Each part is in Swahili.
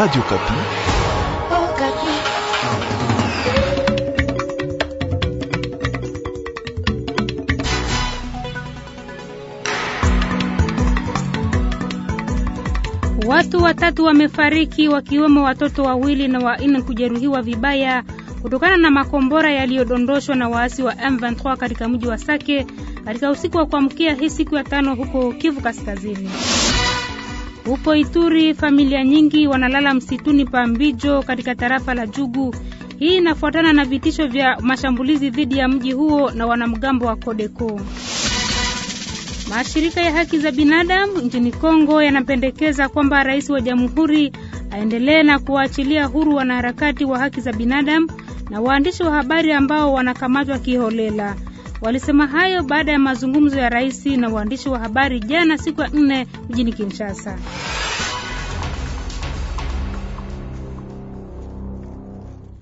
Radio Kapi. Oh, Kapi. Watu watatu wamefariki wakiwemo watoto wawili na wanne kujeruhiwa vibaya kutokana na makombora yaliyodondoshwa na waasi wa M23 katika mji wa Sake katika usiku wa kuamkia hii siku ya tano huko Kivu Kaskazini. Huko Ituri, familia nyingi wanalala msituni pa Mbijo katika tarafa la Jugu. Hii inafuatana na vitisho vya mashambulizi dhidi ya mji huo na wanamgambo wa Kodeko. Mashirika ya haki za binadamu nchini Kongo yanapendekeza kwamba rais wa jamhuri aendelee na kuwaachilia huru wanaharakati wa haki za binadamu na waandishi wa habari ambao wanakamatwa kiholela. Walisema hayo baada ya mazungumzo ya rais na waandishi wa habari jana siku ya nne mjini Kinshasa.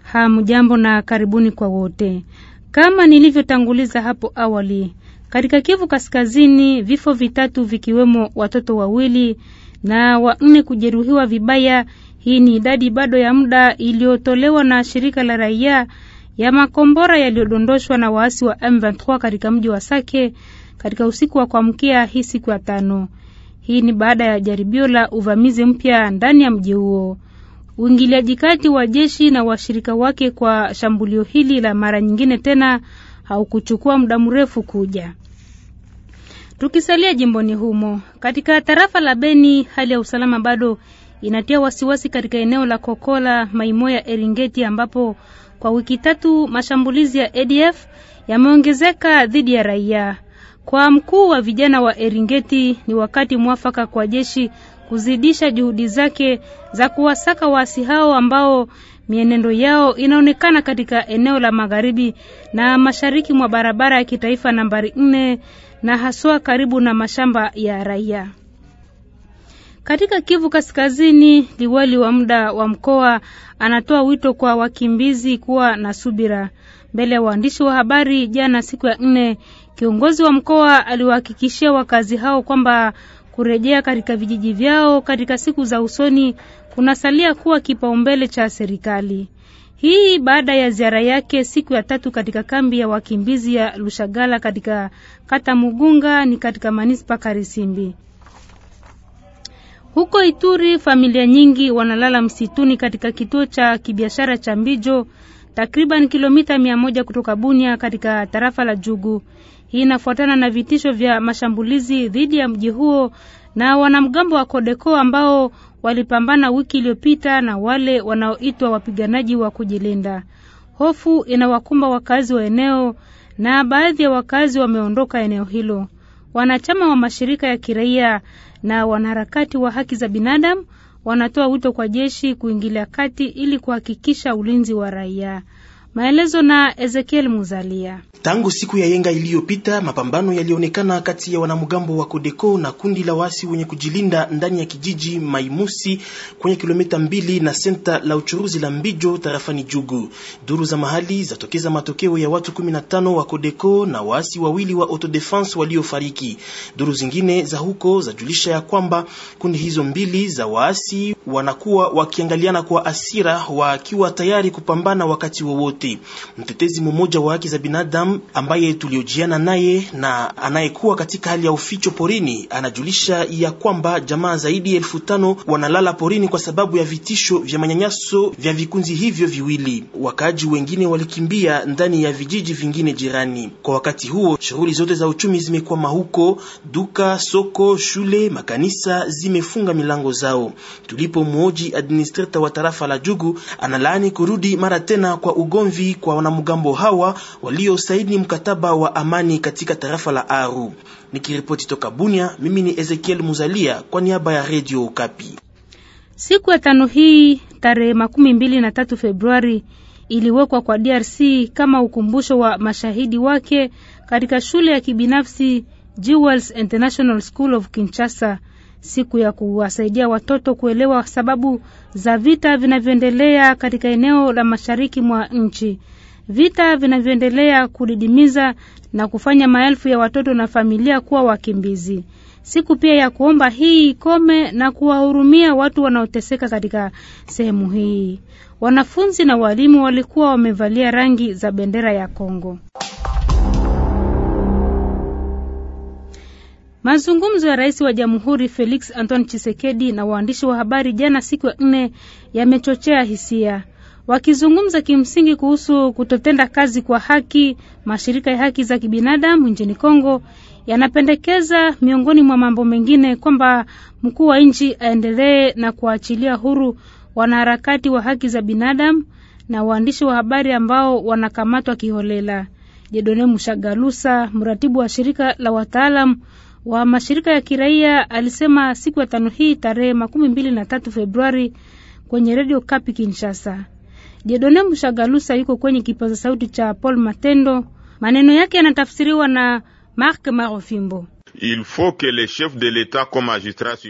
Hamjambo na karibuni kwa wote. Kama nilivyotanguliza hapo awali, katika Kivu Kaskazini vifo vitatu vikiwemo watoto wawili na wanne kujeruhiwa vibaya. Hii ni idadi bado ya muda iliyotolewa na shirika la raia ya makombora yaliyodondoshwa na waasi wa M23 katika mji wa Sake katika usiku wa kuamkia hii siku ya tano. Hii ni baada ya jaribio la uvamizi mpya ndani ya mji huo. Uingiliaji kati wa jeshi na washirika wake kwa shambulio hili la mara nyingine tena haukuchukua muda mrefu kuja. Tukisalia jimboni humo, katika tarafa la Beni, hali ya usalama bado inatia wasiwasi katika eneo la Kokola, Maimoya, Eringeti ambapo kwa wiki tatu mashambulizi ya ADF yameongezeka dhidi ya raia. Kwa mkuu wa vijana wa Eringeti, ni wakati mwafaka kwa jeshi kuzidisha juhudi zake za kuwasaka waasi hao ambao mienendo yao inaonekana katika eneo la magharibi na mashariki mwa barabara ya kitaifa nambari nne na haswa karibu na mashamba ya raia. Katika Kivu Kaskazini, liwali wa muda wa mkoa anatoa wito kwa wakimbizi kuwa na subira. Mbele ya waandishi wa habari jana, siku ya nne, kiongozi wa mkoa aliwahakikishia wakazi hao kwamba kurejea katika vijiji vyao katika siku za usoni kunasalia kuwa kipaumbele cha serikali. Hii baada ya ziara yake siku ya tatu katika kambi ya wakimbizi ya Lushagala katika kata Mugunga ni katika manispa Karisimbi. Huko Ituri, familia nyingi wanalala msituni katika kituo cha kibiashara cha Mbijo, takriban kilomita mia moja kutoka Bunia katika tarafa la Jugu. Hii inafuatana na vitisho vya mashambulizi dhidi ya mji huo na wanamgambo wa Kodeko ambao walipambana wiki iliyopita na wale wanaoitwa wapiganaji wa kujilinda. Hofu inawakumba wakazi wa eneo na baadhi ya wakazi wameondoka eneo hilo. Wanachama wa mashirika ya kiraia na wanaharakati wa haki za binadamu wanatoa wito kwa jeshi kuingilia kati ili kuhakikisha ulinzi wa raia. Maelezo na Ezekiel Muzalia. Tangu siku ya yenga iliyopita, mapambano yalionekana kati ya wanamgambo wa Kodeko na kundi la wasi wenye kujilinda ndani ya kijiji Maimusi kwenye kilomita mbili na senta la uchuruzi la Mbijo tarafani Jugu. Duru za mahali zatokeza matokeo ya watu 15 wa Kodeko na waasi wawili wa autodefense waliofariki. Duru zingine za huko zajulisha ya kwamba kundi hizo mbili za waasi wanakuwa wakiangaliana kwa asira, wakiwa tayari kupambana wakati wowote. DRC. Mtetezi mmoja wa haki za binadamu ambaye tuliojiana naye na anayekuwa katika hali ya uficho porini anajulisha ya kwamba jamaa zaidi ya elfu tano wanalala porini kwa sababu ya vitisho vya manyanyaso vya vikunzi hivyo viwili. Wakaaji wengine walikimbia ndani ya vijiji vingine jirani. Kwa wakati huo, shughuli zote za uchumi zimekwama huko, duka, soko, shule, makanisa zimefunga milango zao. Tulipo mwoji administrator wa tarafa la Jugu analaani kurudi mara tena kwa ugomvi hivi kwa wanamgambo hawa waliosaini mkataba wa amani katika tarafa la Aru. Nikiripoti toka Bunia, mimi ni Ezekiel Muzalia kwa niaba ya Radio Okapi. Siku ya tano hii tarehe makumi mbili na tatu Februari iliwekwa kwa DRC kama ukumbusho wa mashahidi wake katika shule ya kibinafsi Jewels International School of Kinshasa siku ya kuwasaidia watoto kuelewa sababu za vita vinavyoendelea katika eneo la mashariki mwa nchi, vita vinavyoendelea kudidimiza na kufanya maelfu ya watoto na familia kuwa wakimbizi. Siku pia ya kuomba hii ikome na kuwahurumia watu wanaoteseka katika sehemu hii. Wanafunzi na walimu walikuwa wamevalia rangi za bendera ya Kongo. Mazungumzo ya rais wa jamhuri Felix Antoine Chisekedi na waandishi wa habari jana siku ya nne yamechochea hisia. Wakizungumza kimsingi kuhusu kutotenda kazi kwa haki, mashirika ya haki za kibinadamu nchini Kongo yanapendekeza miongoni mwa mambo mengine kwamba mkuu wa nchi aendelee na kuachilia huru wanaharakati wa haki za binadamu na waandishi wa habari ambao wanakamatwa kiholela. Jedone Mushagalusa, mratibu wa shirika la wataalam wa mashirika ya kiraia alisema siku ya tano hii tarehe makumi mbili na tatu Februari kwenye redio Kapi Kinshasa. Jedone Mushagalusa yuko kwenye kipaza sauti cha Paul Matendo. Maneno yake yanatafsiriwa na Mark Marofimbo.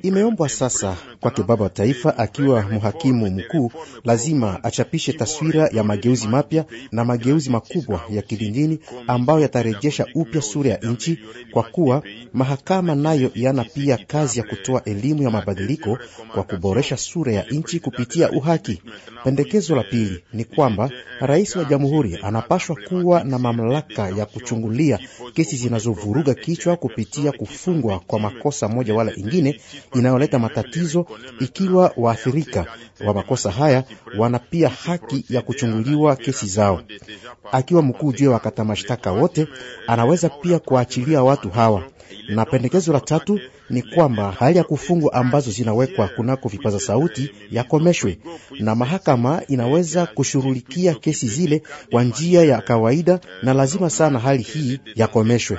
Imeombwa sasa kwake baba wa taifa akiwa mhakimu mkuu lazima achapishe taswira ya mageuzi mapya na mageuzi makubwa ya kidinini ambayo yatarejesha upya sura ya nchi, kwa kuwa mahakama nayo yana pia kazi ya kutoa elimu ya mabadiliko kwa kuboresha sura ya nchi kupitia uhaki. Pendekezo la pili ni kwamba rais wa jamhuri anapashwa kuwa na mamlaka ya kuchungulia kesi zinazovuruga kichwa kupitia kufungwa kwa makosa moja wala ingine inayoleta matatizo, ikiwa waathirika wa makosa haya wana pia haki ya kuchunguliwa kesi zao. Akiwa mkuu juu ya wakata mashtaka wote, anaweza pia kuachilia watu hawa. Na pendekezo la tatu ni kwamba hali ya kufungu ambazo zinawekwa kunako vipaza sauti yakomeshwe, na mahakama inaweza kushughulikia kesi zile kwa njia ya kawaida, na lazima sana hali hii yakomeshwe.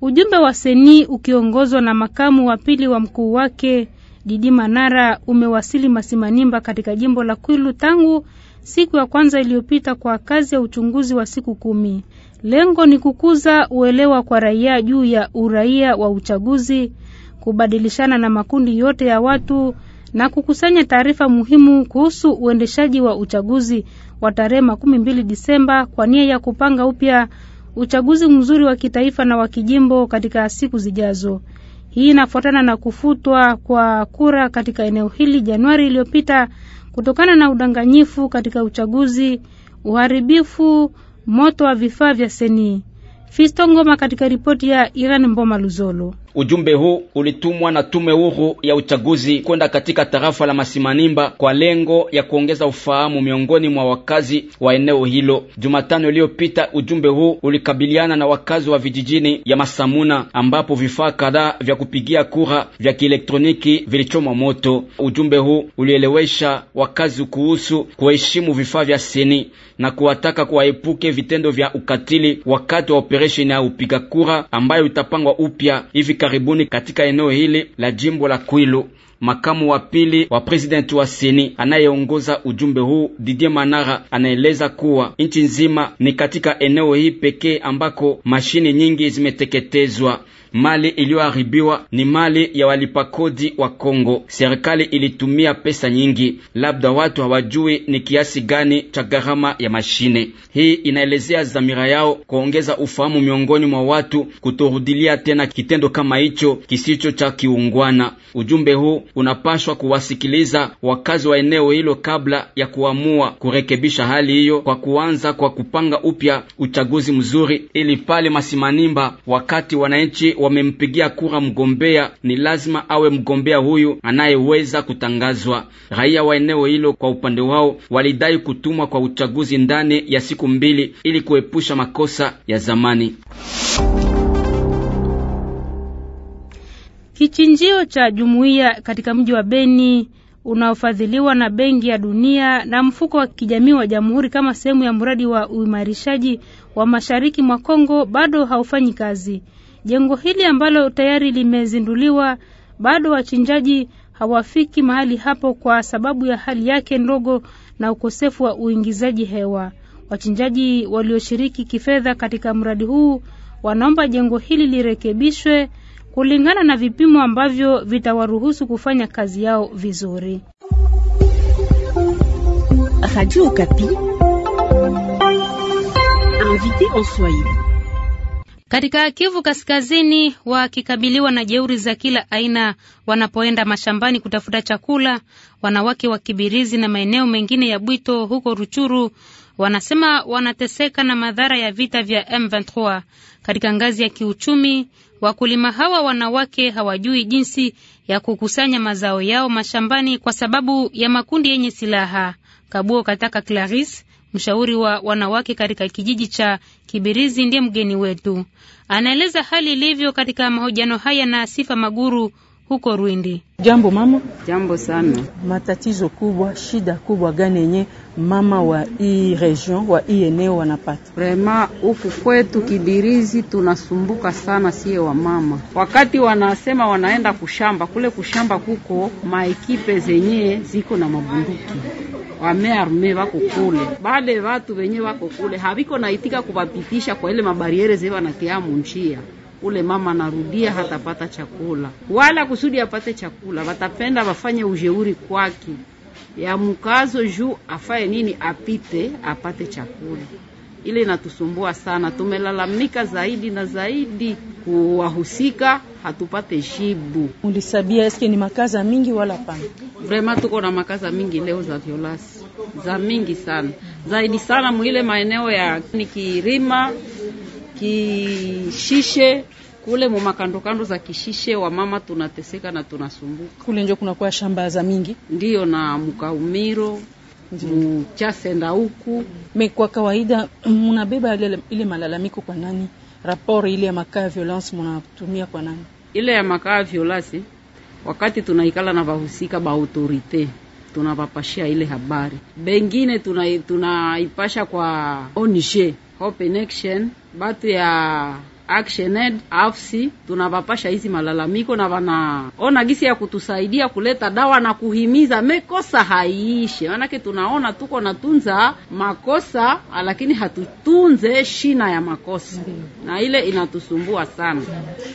Ujumbe wa seni ukiongozwa na makamu wa pili wa mkuu wake Didi Manara umewasili Masimanimba katika jimbo la Kwilu tangu siku ya kwanza iliyopita kwa kazi ya uchunguzi wa siku kumi. Lengo ni kukuza uelewa kwa raia juu ya uraia wa uchaguzi, kubadilishana na makundi yote ya watu na kukusanya taarifa muhimu kuhusu uendeshaji wa uchaguzi wa tarehe makumi mbili Disemba kwa nia ya kupanga upya uchaguzi mzuri wa kitaifa na wa kijimbo katika siku zijazo. Hii inafuatana na kufutwa kwa kura katika eneo hili Januari iliyopita kutokana na udanganyifu katika uchaguzi, uharibifu, moto wa vifaa vya seni. Fisto Ngoma katika ripoti ya Iran Mboma Luzolo. Ujumbe huu ulitumwa na tume huru ya uchaguzi kwenda katika tarafa la Masimanimba kwa lengo ya kuongeza ufahamu miongoni mwa wakazi wa eneo hilo. Jumatano iliyopita, ujumbe huu ulikabiliana na wakazi wa vijijini ya Masamuna ambapo vifaa kadhaa vya kupigia kura vya kielektroniki vilichomwa moto. Ujumbe huu ulielewesha wakazi kuhusu kuheshimu vifaa vya seni na kuwataka kuwaepuke vitendo vya ukatili wakati wa operesheni ya upiga kura ambayo itapangwa upya hivi karibuni katika eneo hili la jimbo la Kwilu. Makamu wa pili wa presidenti wa seni anayeongoza ujumbe huu Didier Manara anaeleza kuwa nchi nzima ni katika eneo hii pekee ambako mashine nyingi zimeteketezwa mali iliyoharibiwa ni mali ya walipa kodi wa Kongo. Serikali ilitumia pesa nyingi, labda watu hawajui ni kiasi gani cha gharama ya mashine hii. Inaelezea dhamira yao kuongeza ufahamu miongoni mwa watu, kutorudilia tena kitendo kama hicho kisicho cha kiungwana. Ujumbe huu unapashwa kuwasikiliza wakazi wa eneo hilo kabla ya kuamua kurekebisha hali hiyo, kwa kuanza kwa kupanga upya uchaguzi mzuri, ili pale Masimanimba wakati wananchi wamempigia kura mgombea, ni lazima awe mgombea huyu anayeweza kutangazwa. Raia wa eneo hilo kwa upande wao walidai kutumwa kwa uchaguzi ndani ya siku mbili ili kuepusha makosa ya zamani. Kichinjio cha jumuiya katika mji wa Beni unaofadhiliwa na Benki ya Dunia na mfuko wa kijamii wa Jamhuri kama sehemu ya mradi wa uimarishaji wa mashariki mwa Kongo bado haufanyi kazi. Jengo hili ambalo tayari limezinduliwa, bado wachinjaji hawafiki mahali hapo kwa sababu ya hali yake ndogo na ukosefu wa uingizaji hewa. Wachinjaji walioshiriki kifedha katika mradi huu wanaomba jengo hili lirekebishwe kulingana na vipimo ambavyo vitawaruhusu kufanya kazi yao vizuri. Radio Okapi, invité en Swahili. Katika Kivu Kaskazini wakikabiliwa na jeuri za kila aina wanapoenda mashambani kutafuta chakula, wanawake wa Kibirizi na maeneo mengine ya Bwito huko Ruchuru wanasema wanateseka na madhara ya vita vya M23. Katika ngazi ya kiuchumi, wakulima hawa wanawake hawajui jinsi ya kukusanya mazao yao mashambani kwa sababu ya makundi yenye silaha. Kabuo Kataka Claris Mshauri wa wanawake katika kijiji cha Kibirizi ndiye mgeni wetu, anaeleza hali ilivyo katika mahojiano haya na Sifa Maguru huko Rwindi. Jambo mama. Jambo sana. Matatizo kubwa, shida kubwa gani yenye mama wa hii region wa hii eneo wanapata? Vrema huku kwetu Kibirizi tunasumbuka sana sie wa mama, wakati wanasema wanaenda kushamba kule, kushamba kuko maekipe zenye ziko na mabunduki wamearme wako kule, bale watu wenye wako kule haviko naitika kuvapitisha kwa ile mabariere zile wanatia munjia ule mama narudia hatapata chakula wala kusudi apate chakula. Watapenda wafanye ujeuri kwake ya mkazo juu afaye nini, apite apate chakula. Ile inatusumbua sana, tumelalamika zaidi na zaidi kuwahusika hatupate jibu. Ulisabia eske ni makaza mingi wala pana? Vraiment tuko na makaza mingi leo za violasi za mingi sana, zaidi sana mwile maeneo ya ni kirima kishishe kule mumakandokando za kishishe, wamama tunateseka na tunasumbuka. Kule njo kunakuwa shamba za mingi, ndiyo na mkaumiro muchasenda huku. Me, kwa kawaida munabeba ile malalamiko kwa nani? rapport ile ya makaa ya violence munatumia kwa nani? Ile ya makaa ya violence, wakati tunaikala na vahusika ba autorite, tunavapashia ile habari, bengine tunaipasha tuna kwa ONG Hope Connection, batu ya Aid AFSI tunavapasha hizi malalamiko na wanaona gisi ya kutusaidia kuleta dawa na kuhimiza mekosa haiishe, maanake tunaona tuko natunza makosa lakini hatutunze shina ya makosa na ile inatusumbua sana,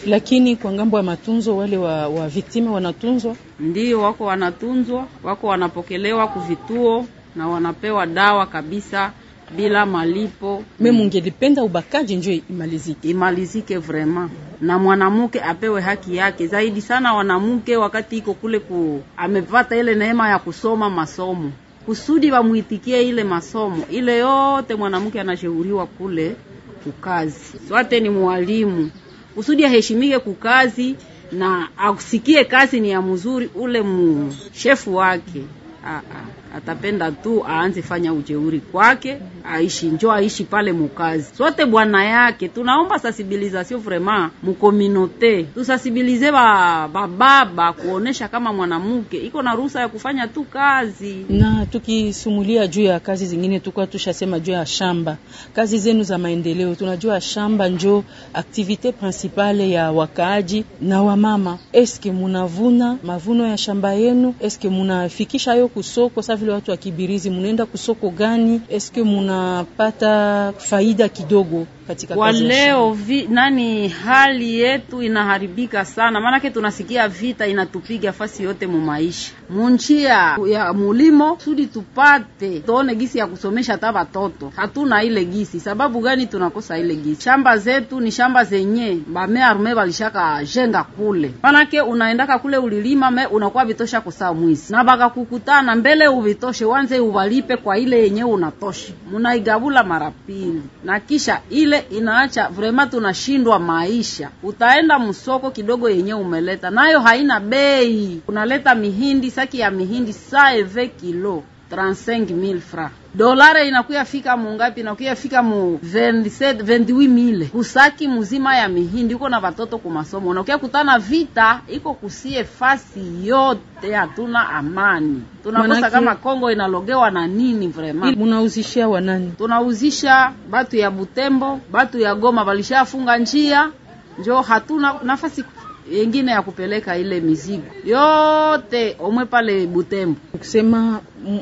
lakini kwa ngambo ya matunzo wale wa, wa vitime wanatunzwa, ndio wako wanatunzwa, wako wanapokelewa kuvituo na wanapewa dawa kabisa bila malipo me mungelipenda ubakaji njo imalizike, imalizike vraiment, na mwanamke apewe haki yake zaidi sana. Wanamke wakati iko kule ku amepata ile neema ya kusoma masomo kusudi wamwitikie ile masomo ile yote, mwanamke anashauriwa kule kukazi, swate ni mwalimu kusudi aheshimike kukazi na asikie kazi ni ya mzuri ule mu shefu wake. Aa. Ah, ah atapenda tu aanze fanya ujeuri kwake, aishi njo aishi pale mukazi sote bwana yake. Tunaomba sensibilisation vraiment mukominote, tusensibilize ba bababa kuonesha kama mwanamke iko na ruhusa ya kufanya tu kazi. Na tukisumulia juu ya kazi zingine, tukwa tushasema juu ya shamba, kazi zenu za maendeleo, tunajua shamba njo aktivite principale ya wakaaji na wamama. Eske munavuna mavuno ya shamba yenu? Eske munafikisha yo kusoko safi vile watu wa Kibirizi mnaenda kusoko gani? Eske munapata faida kidogo katika kwa leo vi, nani hali yetu inaharibika sana, maanake tunasikia vita inatupiga fasi yote mumaisha munjia ya mulimo, sudi tupate tuone gisi ya kusomesha hata watoto. Hatuna ile gisi, sababu gani tunakosa ile gisi? Shamba zetu ni shamba zenye bamearme walishaka jenga kule, maanake unaendaka kule ulilima me unakuwa vitosha kosaa mwisi na kukutana mbele uvi itoshe wanze uvalipe kwa ile yenye unatosha, munaigabula mara pili, na kisha ile inaacha vrema, tunashindwa maisha. Utaenda msoko kidogo yenye umeleta nayo haina bei, unaleta mihindi, saki ya mihindi saeve kilo 35000 francs. Dolare inakuya fika mungapi? Inakuya fika mu 27 28000 kusaki muzima ya mihindi, uko na watoto masomo unakuya kutana vita iko kusie fasi yote, hatuna amani. Tunakosa kama Kongo inalogewa na nini? Vraiment munauzishia nani? Tunauzisha batu ya Butembo, batu ya Goma, walishafunga njia, njo hatuna nafasi yengine ya kupeleka ile mizigo yote omwe pale Butembo. Kusema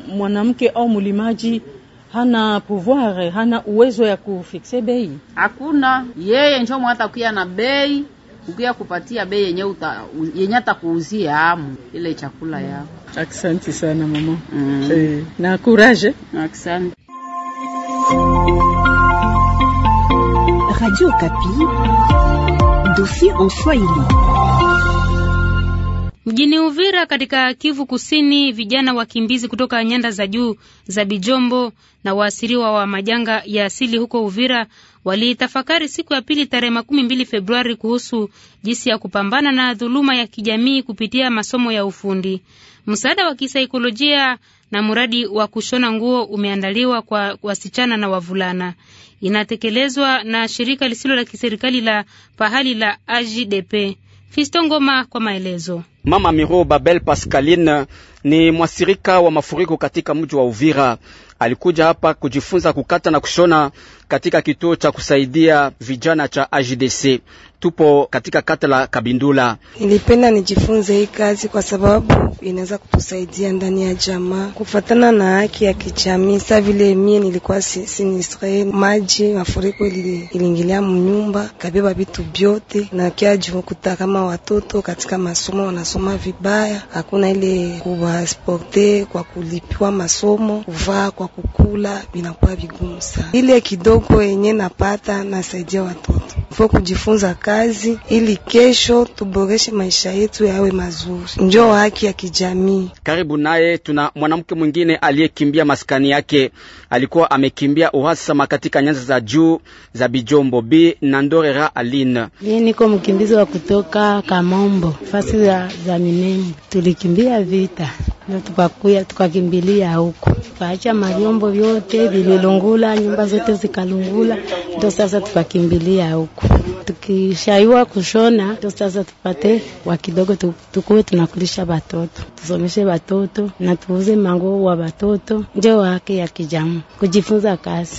mwanamke au mulimaji hana pouvoir, hana uwezo ya kufikse bei, hakuna yeye njo mwata kuya na bei ukia kupatia bei yenye uta yenye atakuuzia amu ile chakula yao. Asante sana mama. Mm. Eh, na courage. Asante. Radio Kapi, dossier en Swahili. Mjini Uvira katika Kivu Kusini, vijana wakimbizi kutoka nyanda za juu za Bijombo na waasiriwa wa majanga ya asili huko Uvira walitafakari siku ya pili tarehe makumi mbili Februari kuhusu jinsi ya kupambana na dhuluma ya kijamii kupitia masomo ya ufundi. Msaada wa kisaikolojia na mradi wa kushona nguo umeandaliwa kwa wasichana na wavulana inatekelezwa na shirika lisilo la kiserikali la pahali la AJDP. Fisto Ngoma kwa maelezo. Mama Miro Babel Pascaline ni mwasirika wa mafuriko katika mji wa Uvira. Alikuja hapa kujifunza kukata na kushona katika kituo cha kusaidia vijana cha AJDC. Tupo katika kata la Kabindula. Nilipenda nijifunze hii kazi kwa sababu inaweza kutusaidia ndani ya jamaa kufatana na haki ya kijamii. Sa vile mie nilikuwa sinistre, maji mafuriko iliingilia mnyumba kabeba vitu vyote, na kia jukuta kama watoto katika masomo wanasoma vibaya, hakuna ile kuwasporte kwa kulipiwa masomo, kuvaa kwa kukula, vinakuwa vigumu sana ile kidogo malipo yenye napata nasaidia watoto. Fo kujifunza kazi ili kesho tuboreshe maisha yetu yawe mazuri, njo haki ya kijamii. Karibu naye tuna mwanamke mwingine aliyekimbia maskani yake. Alikuwa amekimbia uhasama katika nyanza za juu za Bijombo B na Aline: mimi niko mkimbizi wa kutoka Kamombo fasi za, za Minembwe, tulikimbia vita ndio tukakuya tukakimbilia huko, tukaacha mariombo vyote vililungula, nyumba zote zikalungula, ndio sasa tukakimbilia huko. Tukishaiwa kushona, ndio sasa tupate wa kidogo, tukuwe tunakulisha batoto, tusomeshe batoto na tuuze mango wa batoto, ndio wake ya kijamu kujifunza kazi.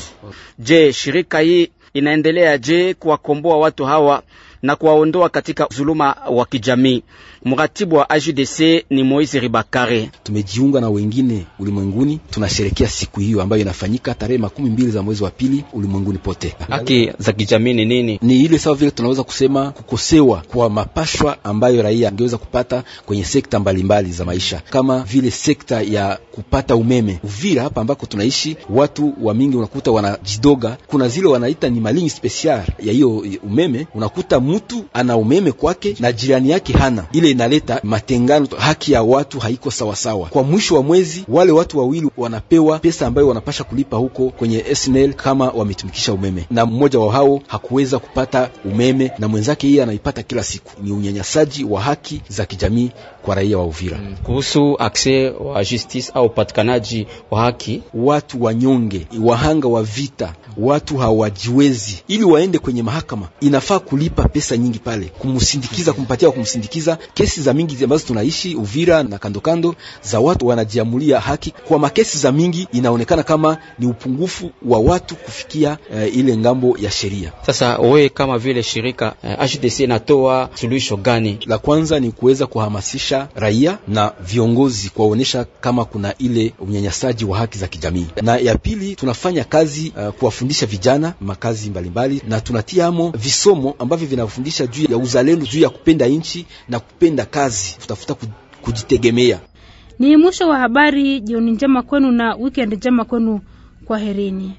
Je, shirika hii inaendelea je kuwakomboa watu hawa na kuwaondoa katika zuluma wa kijamii. Mratibu wa AJDC ni Moise Ribakare. Tumejiunga na wengine ulimwenguni, tunasherekea siku hiyo ambayo inafanyika tarehe makumi mbili za mwezi wa pili ulimwenguni pote. Haki za kijamii ni nini? Ni ile sawa vile tunaweza kusema kukosewa kwa mapashwa ambayo raia angeweza kupata kwenye sekta mbalimbali mbali za maisha, kama vile sekta ya kupata umeme. Uvira hapa ambako tunaishi, watu wa mingi unakuta wanajidoga, kuna zile wanaita ni malini special ya hiyo umeme, unakuta mutu ana umeme kwake na jirani yake hana, ile inaleta matengano, haki ya watu haiko sawasawa. Kwa mwisho wa mwezi wale watu wawili wanapewa pesa ambayo wanapasha kulipa huko kwenye SNL kama wametumikisha umeme, na mmoja wa hao hakuweza kupata umeme na mwenzake yeye anaipata kila siku. Ni unyanyasaji wa haki za kijamii kwa raia wa Uvira. Mm. Kuhusu akse wa justice au upatikanaji wa haki, watu wanyonge, wahanga wa vita, watu hawajiwezi, ili waende kwenye mahakama inafaa kulipa pesa nyingi pale, kumsindikiza, mm. kumpatia wa kumsindikiza. Kesi za mingi ambazo tunaishi Uvira na kandokando za watu wanajiamulia haki, kwa makesi za mingi inaonekana kama ni upungufu wa watu kufikia uh, ile ngambo ya sheria. Sasa wewe kama vile shirika uh, eh, HDC inatoa suluhisho gani? La kwanza ni kuweza kuhamasisha kuhamasisha raia na viongozi kuwaonyesha kama kuna ile unyanyasaji wa haki za kijamii, na ya pili tunafanya kazi uh, kuwafundisha vijana makazi mbalimbali mbali, na tunatiamo visomo ambavyo vinafundisha juu ya uzalendo, juu ya kupenda nchi na kupenda kazi, kutafuta kujitegemea. Ni mwisho wa habari. Jioni njema kwenu na wikendi njema kwenu, kwaherini.